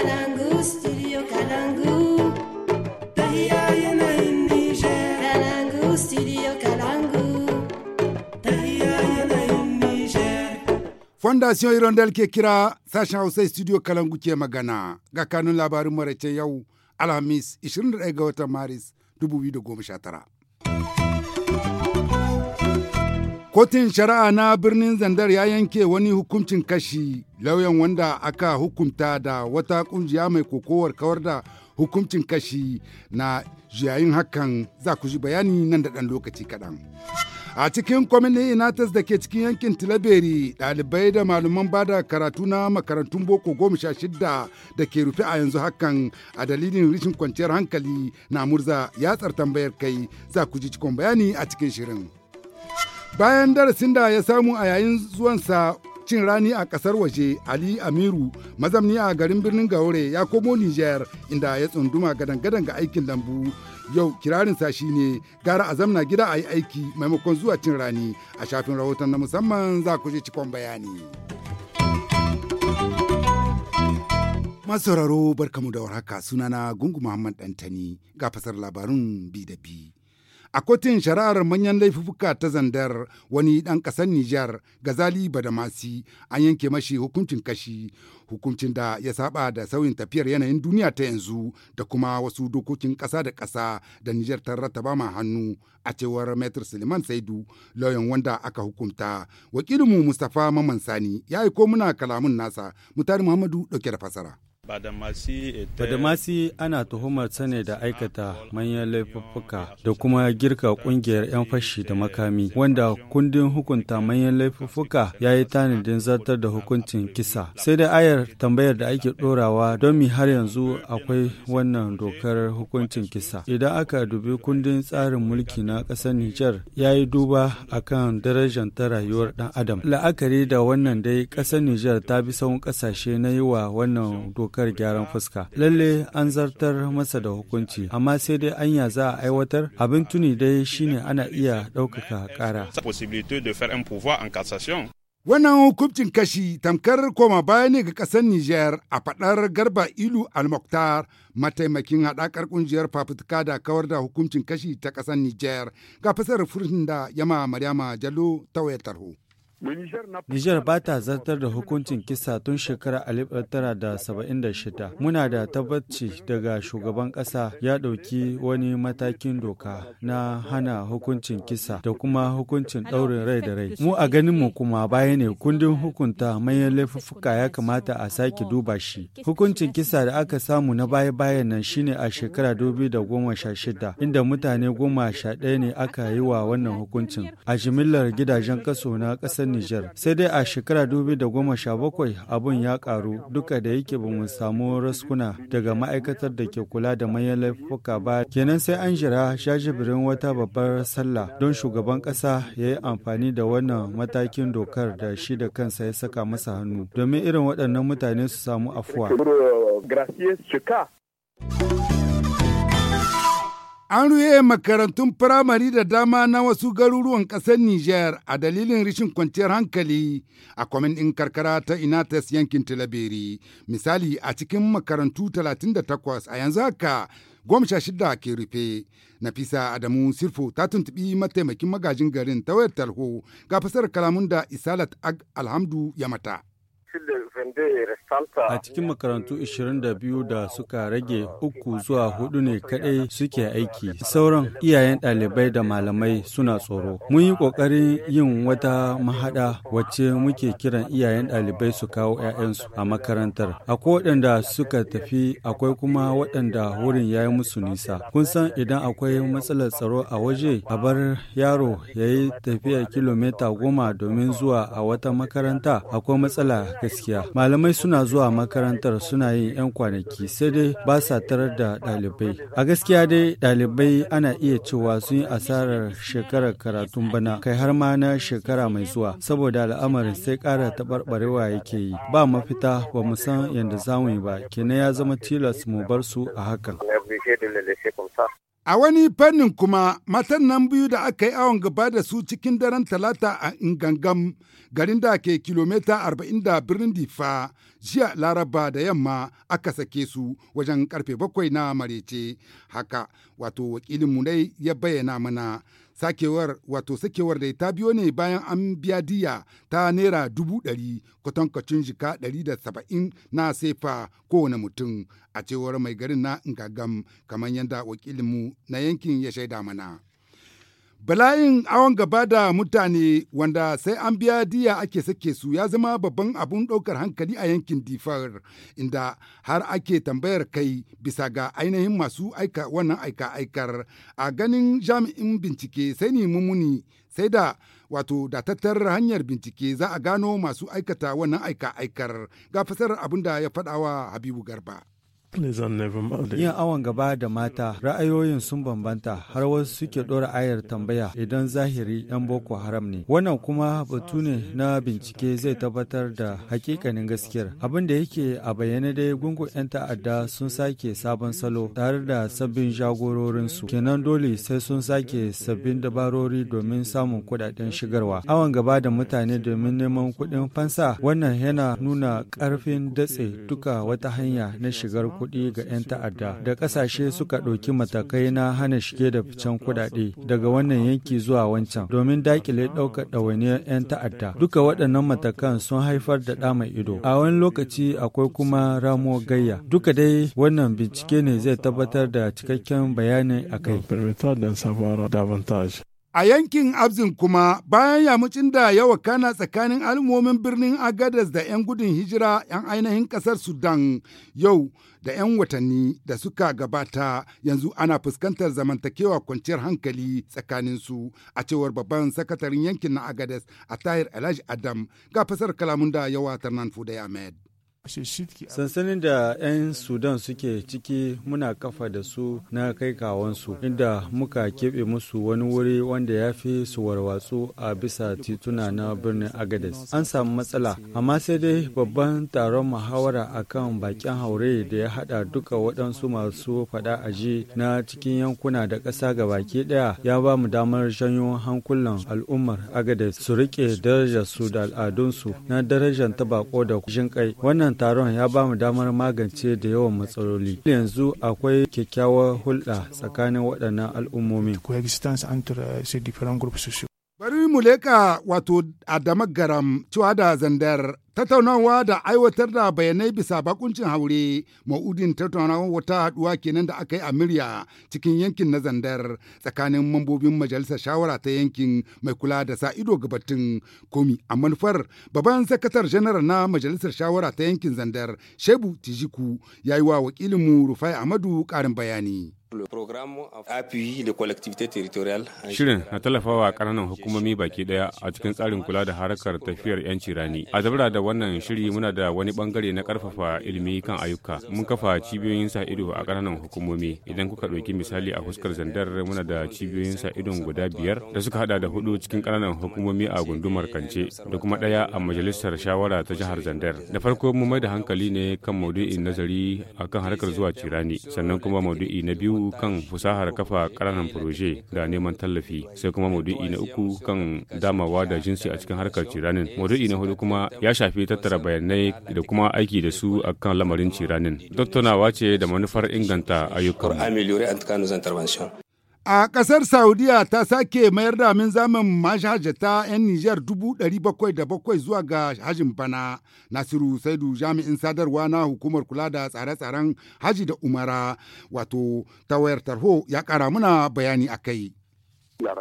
yanayin Fondation Hirondelle ke kira sashen Hausa studio Kalangu ke magana ga kanun labarin maraicen yau Alhamis 21 ga watan Maris 2019. Kotun shari'a na birnin Zandar ya yanke wani hukuncin kashi lauyan wanda aka hukunta da wata kungiya mai kokowar kawar da hukuncin kashi na yayin hakan za ku ji bayani nan da ɗan lokaci kaɗan. A cikin kwamini Inatas da ke cikin yankin Tilaberi, ɗalibai da malaman ba da karatu na makarantun boko goma sha shidda da ke rufe a yanzu hakan a dalilin rishin kwanciyar hankali na murza yatsar tambayar kai za ku ji cikon bayani a cikin shirin. Bayan darasin da ya samu a yayin zuwansa cin rani a kasar waje Ali Amiru mazamni a garin birnin Gaure ya komo Nijar inda ya tsunduma gadan-gadan ga aikin lambu. Yau kirarinsa shine gara a zamna gida a yi aiki maimakon zuwa cin rani a shafin rahoton na musamman za ku je cikon bayani. Masauraro barkamu da warhaka sunana Gungu Muhammad Dantani ga fasar labarun bi da bi. A kotun shari'ar manyan laifuka ta zandar wani ɗan ƙasar Nijar Gazali Badamasi an yanke mashi hukuncin kashi hukuncin da ya saba da sauyin tafiyar yanayin duniya ta yanzu da kuma wasu dokokin ƙasa da ƙasa da Nijar ta rattaba ma hannu a cewar Metr Suleiman Saidu lauyan wanda aka hukunta. Wakilinmu Mustapha Maman Sani ya aiko muna kalamun nasa Mutari Muhammadu dauke da fasara. Eh, Badamasi ana tuhumar sane da aikata manyan laifuffuka da kuma girka kungiyar 'yan fashi da makami wanda kundin hukunta manyan laifuffuka ya yi tanadin zartar da hukuncin kisa. Sai da ayar tambayar da ake ɗorawa don mi har yanzu akwai wannan dokar hukuncin kisa. Idan aka dubi kundin tsarin mulki na ƙasar Nijar ya yi duba kan darajar ta rayuwar ɗan adam. La'akari da wannan dai ƙasar Nijar ta bi sauran ƙasashe na yi wa wannan dokar dokar gyaran fuska lalle an zartar masa da hukunci amma sai dai anya za a aiwatar abin tuni dai shine ana iya ɗaukaka ƙara Wannan hukuncin kashi tamkar koma baya ne ga ƙasar niger a faɗar Garba Ilu Almoktar mataimakin haɗakar ƙungiyar fafutuka da kawar da hukuncin kashi ta ƙasar niger ga fasar furshin da Yama Maryama Jallo ta wayar tarho. Nijar ba ta zartar da hukuncin kisa tun shekarar 1976. Muna da tabbaci daga shugaban ƙasa ya ɗauki wani matakin doka na hana hukuncin kisa da kuma hukuncin ɗaurin rai da rai. Mu a ganinmu kuma baya ne kundin hukunta manyan laifuffuka ya kamata a sake duba shi. Hukuncin kisa da aka samu na baya-bayan nan shine a shekara 2016 inda mutane goma sha ɗaya ne aka yi wa wannan hukuncin. A jimillar gidajen kaso na ƙasar ƙasar Nijar. Sai dai a shekara bakwai abun ya karu duka da yake ba samu raskuna daga ma'aikatar da ke kula da manyan laifuka ba. Kenan sai an jira shajibirin wata babbar sallah don shugaban ƙasa ya yi amfani da wannan matakin dokar da shi da kansa ya saka masa hannu domin irin waɗannan mutane su samu afuwa. An ruye makarantun firamare da dama na wasu garuruwan ƙasar Nijar a dalilin rashin kwanciyar hankali a kwamin ɗin karkara ta Inatas yankin Tilaberi. Misali a cikin makarantu 38 a yanzu haka goma shida ke rufe. Nafisa Adamu Sirfo ta tuntuɓi mataimakin magajin garin ta wayar talho ga fasar kalamun da Isalat Ag Alhamdu ya mata. A cikin makarantu 22 da suka rage uku zuwa hudu ne kadai suke aiki. Sauran iyayen ɗalibai da malamai suna tsoro. Mun yi ƙoƙarin yin wata mahada wacce muke kiran iyayen ɗalibai su kawo 'ya'yansu a makarantar. Akwai waɗanda suka tafi akwai kuma waɗanda wurin ya yi musu nisa. Kun san idan akwai matsalar tsaro a waje a bar yaro ya yi tafiya kilomita goma domin zuwa a wata makaranta akwai matsala gaskiya. malamai suna zuwa makarantar suna yin 'yan kwanaki sai dai ba sa tarar da ɗalibai a gaskiya dai ɗalibai ana iya cewa sun yi asarar shekarar karatun bana kai har ma na shekara mai zuwa saboda al'amarin sai ƙara taɓarɓarewa yake yi ba mafita ba mu san yadda zamu yi ba kenan ya zama tilas mu bar su a hakan A wani fannin kuma matan nan biyu da aka yi awon gaba da su cikin daren talata a Ingangam garin da ke kilomita 40 da birnin Difa jiya Laraba da yamma aka sake su wajen karfe bakwai na marece. Haka wato wakilin mu dai ya bayyana mana sakewar wato sakewar da ta biyo ne bayan an biya diya ta naira dubu ɗari kwatankwacin jika ɗari da saba'in na sefa kowane mutum a cewar mai garin na ngagam kamar yadda wakilinmu na yankin ya shaida mana. Bala'in awon gaba da mutane wanda sai an biya diya ake sake su ya zama babban abun ɗaukar hankali a yankin Difar inda har ake tambayar kai bisa ga ainihin masu aika wannan aika-aikar a ganin jami'in bincike sai ni mumuni sai da wato da hanyar bincike za a gano masu aikata wannan aika-aikar ga fasarar abin da ya faɗawa Habibu Garba. Yin awon gaba da mata ra'ayoyin sun bambanta har wasu suke ɗora ayar tambaya idan zahiri 'yan Boko Haram ne. Wannan kuma batu ne na bincike zai tabbatar da hakikanin gaskiyar. Abin da yake a bayyane dai gungu 'yan ta'adda sun sake sabon salo tare da sabbin jagororinsu. Kenan dole sai sun sake sabbin dabarori domin samun kuɗaɗen shigarwa. Awon gaba da mutane domin neman kuɗin fansa wannan yana nuna ƙarfin datse duka wata hanya na shigar kuɗi. kuɗi ga 'yan ta'adda da ƙasashe suka ɗauki matakai na hana shige da ficen kuɗaɗe daga wannan yanki zuwa wancan domin dakile ɗaukar ɗawainiyar 'yan ta'adda. Duka waɗannan matakan sun haifar da ɗa mai ido. A wani lokaci akwai kuma ramo gayya. Duka dai wannan bincike ne zai tabbatar da cikakken bayani a kai. A yankin Abzin kuma bayan yamucin da ya wakana tsakanin al'ummomin birnin Agadas da 'yan gudun hijira 'yan ainihin ƙasar Sudan yau da 'yan watanni da suka gabata yanzu ana fuskantar zamantakewa kwanciyar hankali tsakanin su a cewar babban sakataren yankin na Agadas a tahir Alhaji Adam ga fasar kalamun da yawa Tarnan Fudai Ahmed. Sansanin da 'yan Sudan suke ciki muna kafa da su na kai kawansu inda muka keɓe musu wani wuri wanda ya fi su warwatsu a bisa tituna na birnin Agades. An samu matsala, amma sai dai babban taron muhawara akan bakin haure da ya hada duka waɗansu masu faɗa aji na cikin yankuna da ƙasa ga baki ɗaya ya ba mu damar janyo hankulan al'ummar Agades su rike darajar su da al'adunsu na darajar ta bako da jin kai. Wannan taron ya ba mu damar magance da yawan matsaloli. Yanzu akwai kyakkyawar hulɗa tsakanin waɗannan al'ummomi. Bari mu leka wato Adama Garam cewa da zandar tattaunawa da aiwatar da bayanai bisa bakuncin haure ma'udin tattaunawa wata haduwa kenan da aka yi a murya cikin yankin na zandar tsakanin mambobin majalisar shawara ta yankin mai kula da sa ido gabatin komi a manufar babban sakatar janar na majalisar shawara ta yankin zandar shebu tijiku ya yi wa wakilinmu rufai amadu karin bayani Shirin na tallafawa ƙananan hukumomi baki ɗaya a cikin tsarin kula da harkar tafiyar 'yanci rani. A zabura da wannan shiri muna da wani bangare na ƙarfafa ilimi kan ayyuka. Mun kafa cibiyoyin sa ido a ƙananan hukumomi. Idan kuka ɗauki misali a fuskar zandar muna da cibiyoyin sa idon guda biyar da suka haɗa da hudu cikin ƙananan hukumomi a gundumar Kance da kuma ɗaya a majalisar shawara ta jihar Zandar. Da farko mun mai da hankali ne kan maudu'in nazari akan harkar zuwa cirani sannan kuma maudu'i na biyu kan fasahar kafa ƙananan furoje da neman tallafi sai kuma maudu'i na uku kan damawa da jinsi a cikin harkar ciranin maudu'i na hudu kuma ya shafi tattara bayanai da kuma aiki da su a kan lamarin ciranin tattaunawa ce da manufar inganta ayyukan A ƙasar Saudiya ta sake mayar da min zamin hajjata 'yan Nijar dubu ɗari da bakwai zuwa ga hajin bana. Nasiru Saidu jami'in sadarwa na hukumar kula da tsare-tsaren haji da umara wato tawayar tarho ya ƙara muna bayani a kai. Euh,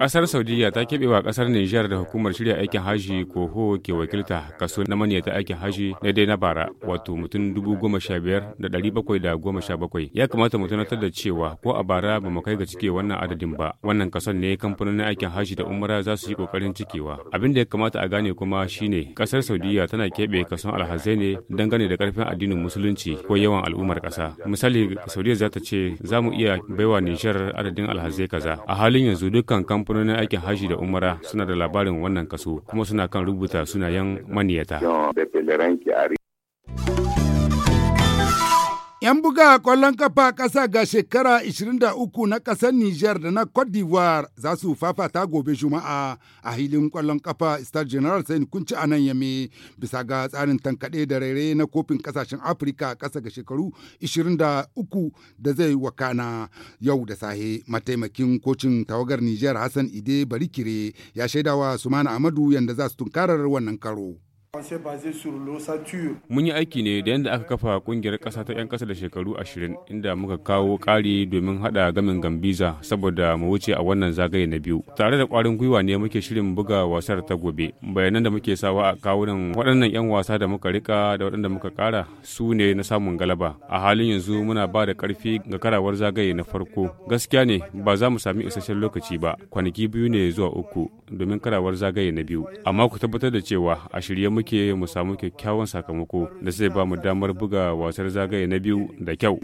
ƙasar Saudiya ta keɓe wa ƙasar Nijar da hukumar shirya aikin haji koho ke wakilta kaso na ta aikin haji na dai na bara wato mutum dubu goma sha biyar da ɗari bakwai da goma sha bakwai. Ya kamata mu tunatar da cewa ko a bara ba mu kai ga cike wannan adadin ba. Wannan kason ne kamfanonin aikin haji da umara za su yi ƙoƙarin cikewa. Abin da ya kamata a gane kuma ne kasar Saudiya tana keɓe kason alhazai ne dangane da ƙarfin addinin musulunci ko yawan al'ummar ƙasa. Misali Saudiya za ta ce za mu iya baiwa Nijar adadin adadin alhazai kaza a halin yanzu dukkan kamfanonin aikin hashi da umara suna da labarin wannan kaso kuma suna kan rubuta sunayen maniyata 'Yan buga ƙwallon kafa ƙasa ga shekara 23 na ƙasar Nijar da na Cote d'Ivoire za su fafata gobe Juma'a a hilin ƙwallon kafa Star General Sain Kunci a nan Yame bisa ga tsarin tankaɗe da raire na kofin ƙasashen Afirka ƙasa ga shekaru 23 da zai wakana yau da sahe mataimakin kocin tawagar Nijar Hassan Ide Barikire ya shaidawa Sumana Amadu yanda za su tunkarar wannan karo. Mun yi aiki ne da yadda aka kafa kungiyar ƙasa ta 'yan ƙasa da shekaru 20 inda muka kawo ƙari domin haɗa gamin Gambiza saboda mu wuce a wannan zagaye na biyu. Tare da ƙwarin gwiwa ne muke shirin buga wasar ta gobe. Bayanan da muke sawa a kawunan waɗannan 'yan wasa da muka rika da waɗanda muka ƙara su ne na samun galaba. A halin yanzu muna ba da ƙarfi ga karawar zagaye na farko. Gaskiya ne ba za mu sami isasshen lokaci ba kwanaki biyu ne zuwa uku domin karawar zagaye na biyu. Amma ku tabbatar da cewa a shirye muke mu samu kyakkyawan sakamako da zai ba mu damar buga wasar zagaye na biyu da kyau.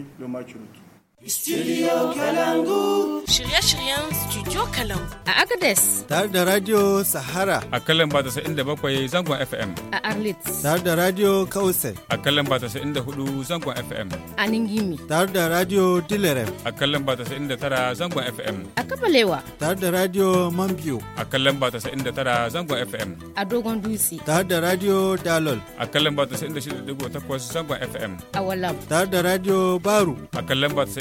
Studio Kalangu. Shirye-shiryen Studio Kalangu. A Agades. Tare da Radio Sahara. A kalan ba bakwai zangon FM. A Arlit. Tare da Radio Kausai. A kalan ba hudu zangon FM. A Ningimi. Tare da Radio Dilerem. A kalan ba tara zangon FM. A Kabalewa. Tare da Radio Mambiyo. A kalan ba tara zangon FM. A Dogon Dutse. Tare da Radio Dalol. A kalan ba takwas zangon FM. A Walam. Tare da Radio Baru. A kalan ba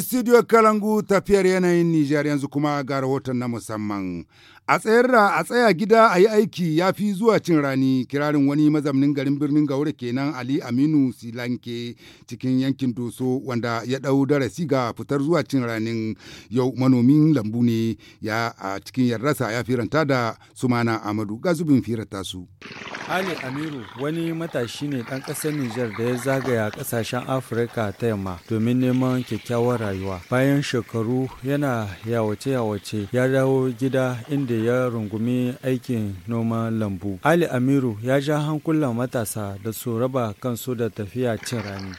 Studio Kalangu tafiyar yanayin Nijar yanzu kuma ga rahoton na musamman. A tsayar da a tsaya gida a yi aiki ya fi zuwa cin rani kirarin wani mazamnin garin birnin Gaure kenan Ali Aminu Silanke cikin yankin Doso wanda ya ɗau darasi ga fitar zuwa cin ranin yau manomin lambu ne ya a cikin yarrasa ya firanta da Sumana Amadu ga zubin firata su. Ali Amiru wani matashi ne ɗan ƙasar Nijar da ya zagaya ƙasashen Afirka ta yamma domin neman kyakkyawar rayuwa. Bayan shekaru yana yawace-yawace ya dawo gida inda ya rungumi aikin noman lambu. Ali Amiru ya ja hankulan matasa da su raba kansu da tafiya cin rani.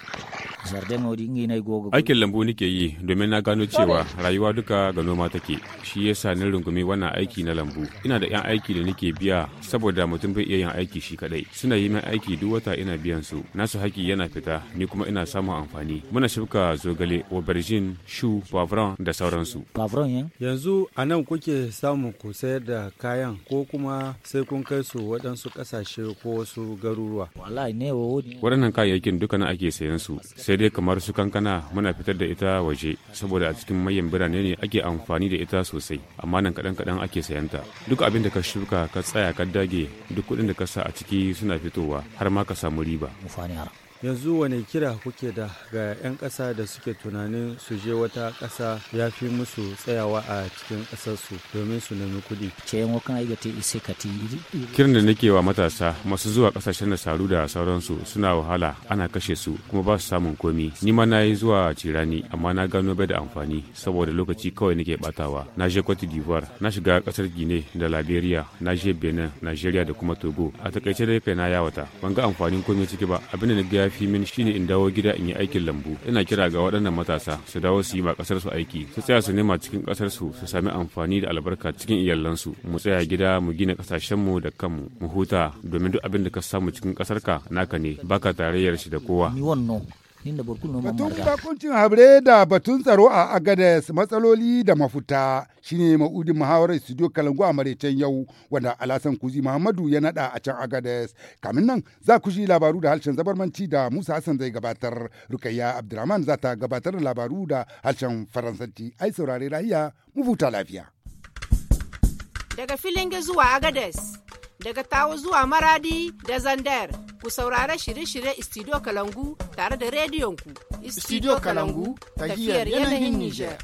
aikin lambu nike yi domin na gano cewa rayuwa duka ga noma take shi yasa ni rungumi wannan aiki na lambu ina da yan aiki da nike biya saboda mutum bai iya yin aiki shi kadai suna yi min aiki duk wata ina biyan su nasu haki yana fita ni kuma ina samun amfani muna shuka zogale aubergine shu pavron da sauransu eh? yanzu a nan kuke samun ku sayar da kayan ko kuma sai kun kai su waɗansu ƙasashe ko wasu garuruwa waɗannan kayayyakin duka na ake sayan su sai sai dai kamar su kankana muna fitar da ita waje saboda a cikin mayan birane ne ake amfani da ita sosai amma nan kaɗan kaɗan ake sayanta duk abin da ka shuka ka tsaya ka dage duk kudin da ka sa a ciki suna fitowa har ma ka samu riba yanzu wane kira kuke da ga 'yan ƙasa da suke tunanin su je wata ƙasa ya fi musu tsayawa a cikin ƙasarsu domin su nemi kuɗi. kiran da nake wa matasa masu zuwa ƙasashen da saru da sauransu suna wahala ana kashe su kuma ba su samun komi ni ma na yi zuwa cirani amma na gano bai da amfani saboda lokaci kawai nake batawa na je cote d'ivoire na shiga ƙasar gine da liberia na je benin nigeria da kuma togo a takaice dai kai na yawata ban ga amfanin komi ciki ba abin da na ga fi min shine in dawo gida in yi aikin lambu ina kira ga waɗannan matasa su dawo su yi ma ƙasar su aiki su tsaya su nema cikin ƙasar su su sami amfani da albarka cikin iyalansu mu tsaya gida mu gina ƙasashen mu da kanmu mu huta domin duk abin da ka samu cikin ƙasar ka naka ne baka tarayyar shi da kowa inda burkul batun bakuncin habre da batun tsaro a agades matsaloli da mafuta shine ma'udin muhawarar studio kalangu a maraicen yau wanda alasan kuzi muhammadu ya nada a can agades kamin nan za ku shi labaru da harshen zabarmanci da musa hassan zai gabatar rukayya abdurrahman za ta gabatar da labaru da harshen faransanci ai saurare rahiya mu huta lafiya daga filin zuwa agades daga tawo zuwa maradi da zandar ku saurara shirye-shirye studio kalangu tare da rediyonku studio kalangu tafiyar yanayin niger